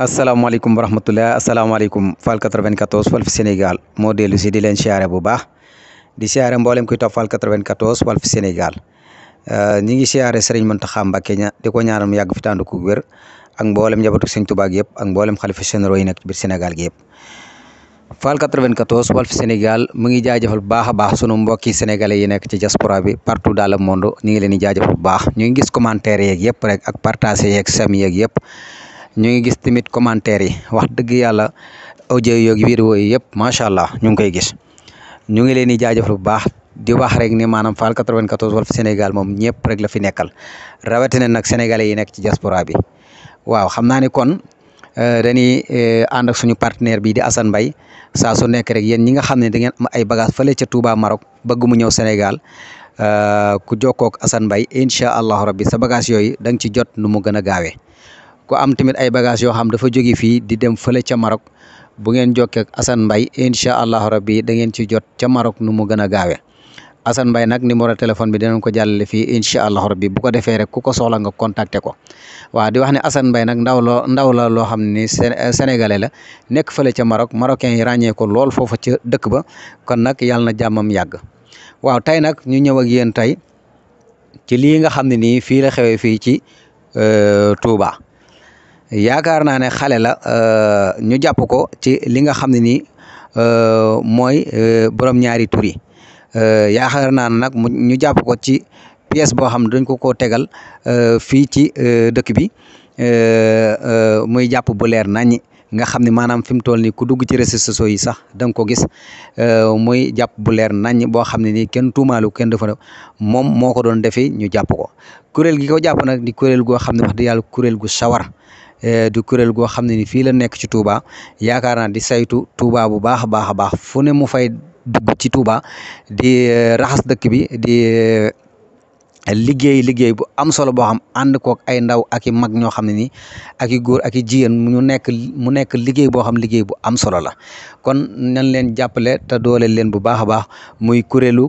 asalaamaaleykum wa rahmatulah asalaamaaleykum Fall 94 Walf Sénégal moo dellu si leen siyaare bu baax di siyaare mboolem kuy topp Fall 94 Walf Sénégal euh, ñi ngi siyaare Serigne Mountakha Mbacké ña di ko ñaanal mu yàgg fi tàndu ak mboolem njabootu Serigne Touba gi ak mboolem xalifa généraux yi nekk ci biir Sénégal gi yëpp. Fall 94 Walf Sénégal mu ngi jaajëfal bu baax a baax sunu mbokki sénégalais yi nekk ci diaspora bi partout dans mondo monde ñu ngi leen di jaajëfal bu baax ñu ngi gis commentaire yeeg yëpp rek ak partage yeeg sami yeeg yëpp. ñu ngi gis tamit commentaire yi wax dëgg yàlla audio yooyu vidéo yi yëpp macha allah ñu ngi koy gis ñu ngi leen di jaajëfal bu baax di wax rek ni maanaam Fall 94 Walf Sénégal moom ñëpp rek la fi nekkal rawatina nag sénégalais yi nekk ci diaspora bi waaw xam naa ni kon euh, dañuy euh, ànd ak suñu partenaire bi di assan Mbaye saa su nekk rek yéen ñi nga xam ne da ngeen am ay bagage fële ca tubaa marok bëgg mu ñëw Sénégal euh, ku jokkoo assan Assane Mbaye incha allahu rabbi sa bagage yooyu da nga ci jot nu mu gën a gaawee ku am tamit ay bagages yo xam dafa jóge fi di dem fële ca Maroc bu ngeen jokkee ak Assane Mbaye incha allahu rabbi dangeen ngeen ci jot ca Maroc nu mu gën a gaawee Assane Mbaye nag numéro téléphone bi dinañ ko jàllale fii incha allahu rabbi bu ko defee rek ku ko soxla nga contacter ko waaw di wax ne Assane Mbaye nag ndaw la ndaw la loo xam ne sénégalais la nekk fële ca Maroc marocain yi ràññee ko lool foofa ca dëkk ba kon nag yàlla na jàmmam yàgg waaw tey nag ñu ñëw ak ci lii nga xam ne nii fii la xewee fii ci euh, Touba. yaakaar naa ne xale la euh, ñu jàpp ko ci li nga xam ne nii euh, mooy euh, borom ñaari tur yi yaakaar naa ne nag ñu jàpp ko ci pièce boo xam ne dañ ko koo tegal fii ci dëkk bi muy jàpp bu leer naññi nga xam ne maanaam fi mu toll nii ku dugg ci réseaux yi sax da ko gis muy jàpp bu leer naññ boo xam ne ni kenn tuumaalu kenn dafa moom moo ko doon defee ñu jàpp ko kuréel gi ko jàpp nag di kuréel goo xam ne wax dëgg yàlla kuréel gu sawar Eh, du kuréel goo xam ne ni fii la nekk ci Touba yaakaar naa di saytu Touba bu baax a baax a baax fu ne mu fay dugg ci Touba di eh, raxas dëkk bi di eh, liggéey liggéey bu am solo boo xam ànd kook ay ndaw ak i mag ñoo xam ne nii ak i góor ak i jigéen mu nekk mu nekk liggéey boo xam liggéey bu am solo la kon nañ leen jàppale te doole leen bu baax a baax muy kuréelu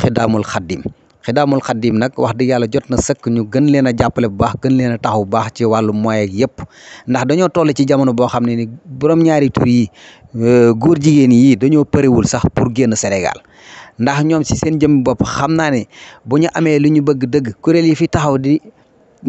Xidamul Xaddim Xidamul Xaddim nag wax dëgg yàlla jot na sëkk ñu gën leen a jàppale bu baax gën leen a taxaw bu baax ci wàllu moyen yëpp ndax dañoo toll ci jamono boo xam ne ni borom ñaari tur yi euh, góor jigéen yi dañoo përiwul sax pour génn Sénégal ndax ñoom si seen jëm bopp xam naa ne bu ñu amee lu ñu bëgg dëgg kuréel yi fi taxaw di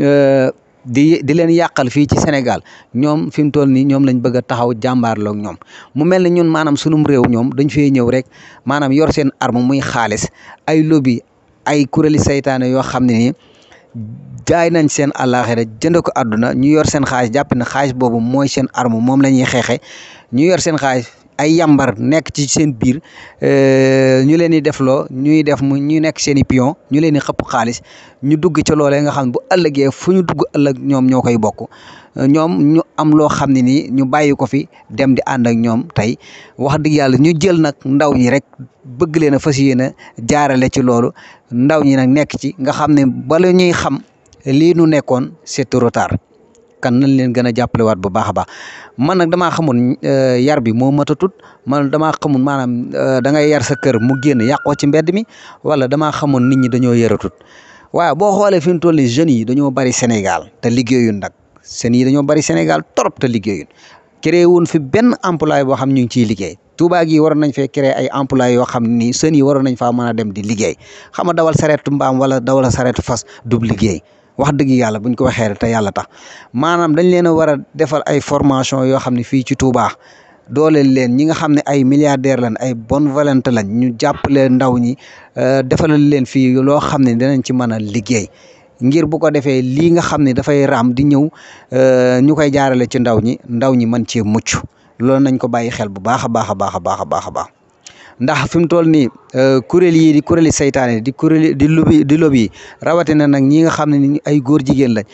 euh, di di leen yàqal fii ci Sénégal ñoom fi mu toll nii ñoom lañ bëgg a taxaw jàmbaarloog ñoom mu mel ne ñun maanaam sunum réew ñoom dañ fee ñëw rek maanaam yor seen arme muy xaalis ay lobby ay kuréeli saytaane yoo xam ne nii jaay nañ seen àllaaxira jënd ko àdduna ñu yor seen xaalis jàpp ne xaalis boobu mooy seen arme moom la ñuy xeexe ñu yor seen xaalis ay yambar nekk ci seen biir euh, ñu leen di defloo ñuy def mu ñu nekk seen i pion ñu leen di xëpp xaalis ñu dugg ci loolee nga xam bu ëllëgee fu ñu dugg ëllëg ñoom ñoo koy bokk euh, ñoom ñu am loo xam ne nii ñu bàyyi ko fi dem di ànd ak ñoom tey wax dëgg yàlla ñu jël nag ndaw ñi rek bëgg leen a fas yéene jaarale ci loolu ndaw ñi nag nekk ci nga xam ne bala ñuy xam lii nu nekkoon c'est trop kan nañ leen gën a jàppalewaat bu baax a baax man nag dama xamoon euh, yar bi moo matatut man damaa xamun maanaam euh, da ngay yar sa kër mu génn yàqoo ci mbedd mi wala damaa xamoon nit ñi dañoo yaratut waaye boo xoolee fi mu toll nii jeunes yi dañoo bari Sénégal te liggéeyun nag seen yi dañoo bari Sénégal trop te liggéeyun créé wuñ fi benn emploi boo xam ñu ngi ciy liggéey Touba gi waroon nañ fee créer ay emploi yoo xam ni seen yi waroon nañ faa mën a dem di liggéey xam nga dawal sareetu mbaam wala dawal sareetu fas du liggéey wax dëgg yàlla buñ ko waxee te yàlla tax maanaam dañ leen a war a defal ay formation yoo xam ne fii ci Touba dooleel leen ñi nga xam ne ay milliardaires lañ ay bonne volonté lañ ñu jàppale ndaw ñi euh, defalal leen fii loo xam ne dinañ ci mën a liggéey ngir bu ko defee lii nga xam ne dafay raam di ñëw euh, ñu koy jaarale ci ndaw ñi ndaw ñi mën cee mucc lool nañ ko bàyyi xel bu baax a baax a baax a baax a baax. ndax fi mu toll nii euh, kuréel yi di kuréeli saytaane di kuréeli di lobi di lobi rawatina nag ñi nga xam ne ay góor jigéen lañ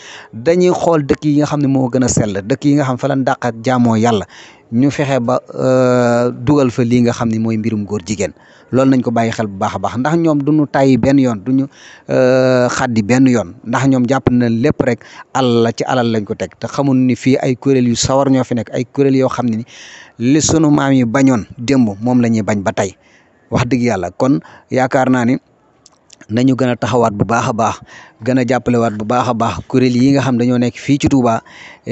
dañuy xool dëkk yi nga xam ne moo gën a sell dëkk yi nga xam fa lañ dàq ak jaamoo yàlla ñu fexe ba euh, dugal fa lii nga xam ne mooy mbirum góor jigéen loolu nañ ko bàyyi xel bu baax a baax ndax ñoom duñu tàyyi benn yoon duñu euh, xaddi benn yoon ndax ñoom jàpp na lépp rek alal ci alal lañ ko teg te xamun ni fii ay kuréel yu sawar ñoo fi nekk ay kuréel yoo xam ne ni li sunu maam yi bañoon démb moom la ñuy bañ ba tey wax dëgg yàlla kon yaakaar naa ni nañu gën a taxawaat bu baax a baax gën a jàppalewaat bu baax a baax kuréel yi nga xam dañoo nekk fii ci Touba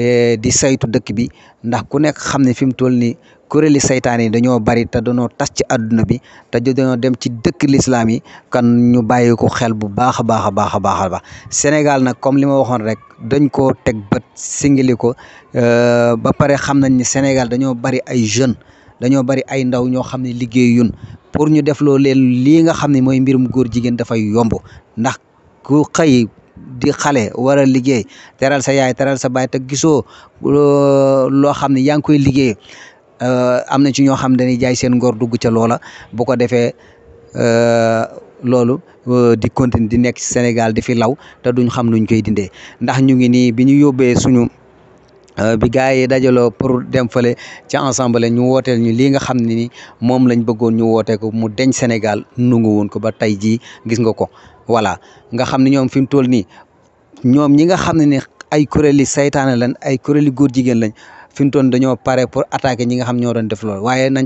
eh, di saytu dëkk bi ndax ku nekk xam ne fi mu toll nii kuréeli saytaan yi dañoo bari te dañoo tas ci àdduna bi te dañoo dem ci dëkk lislaam yi kan ñu bàyyi ko xel bu baax a baax a baax a baax a baax Sénégal nag comme li ma waxoon rek dañ koo teg bët singili ko eh, ba pare xam nañ ni Sénégal dañoo bari ay jeunes dañoo bari ay ndaw ñoo xam ne liggéeyuñ pour ñu def loo leen lii nga xam ne mooy mu góor jigéen dafay yomb ndax ku xëy di xale war a liggéey teral sa yaay teral sa baay te gisoo loo xam ne yaa ngi koy liggéey euh, am na ci ñoo xam dañuy jaay seen ngor dugg ca loola bu ko defee euh, loolu euh, di continue di nekk Sénégal di fi law te duñ xam nuñ koy dindee ndax ñu ngi nii bi ñu yóbbee suñu Euh, bi gars yi dajaloo pour dem fële ci ensemble ñu wooteel ñu lii nga xam ne ni moom lañ bëggoon ñu wootee ko mu deñ Sénégal nungu woon ko ba tey jii gis nga ko voilà nga xam ne ñoom fi mu toll nii ñoom ñi nga xam ne ni ay kuréeli saytaane lañ ay kuréeli góor jigéen lañ fi mu toll dañoo pare pour attaquer ñi nga xam ñoo doon def loolu waaye nañ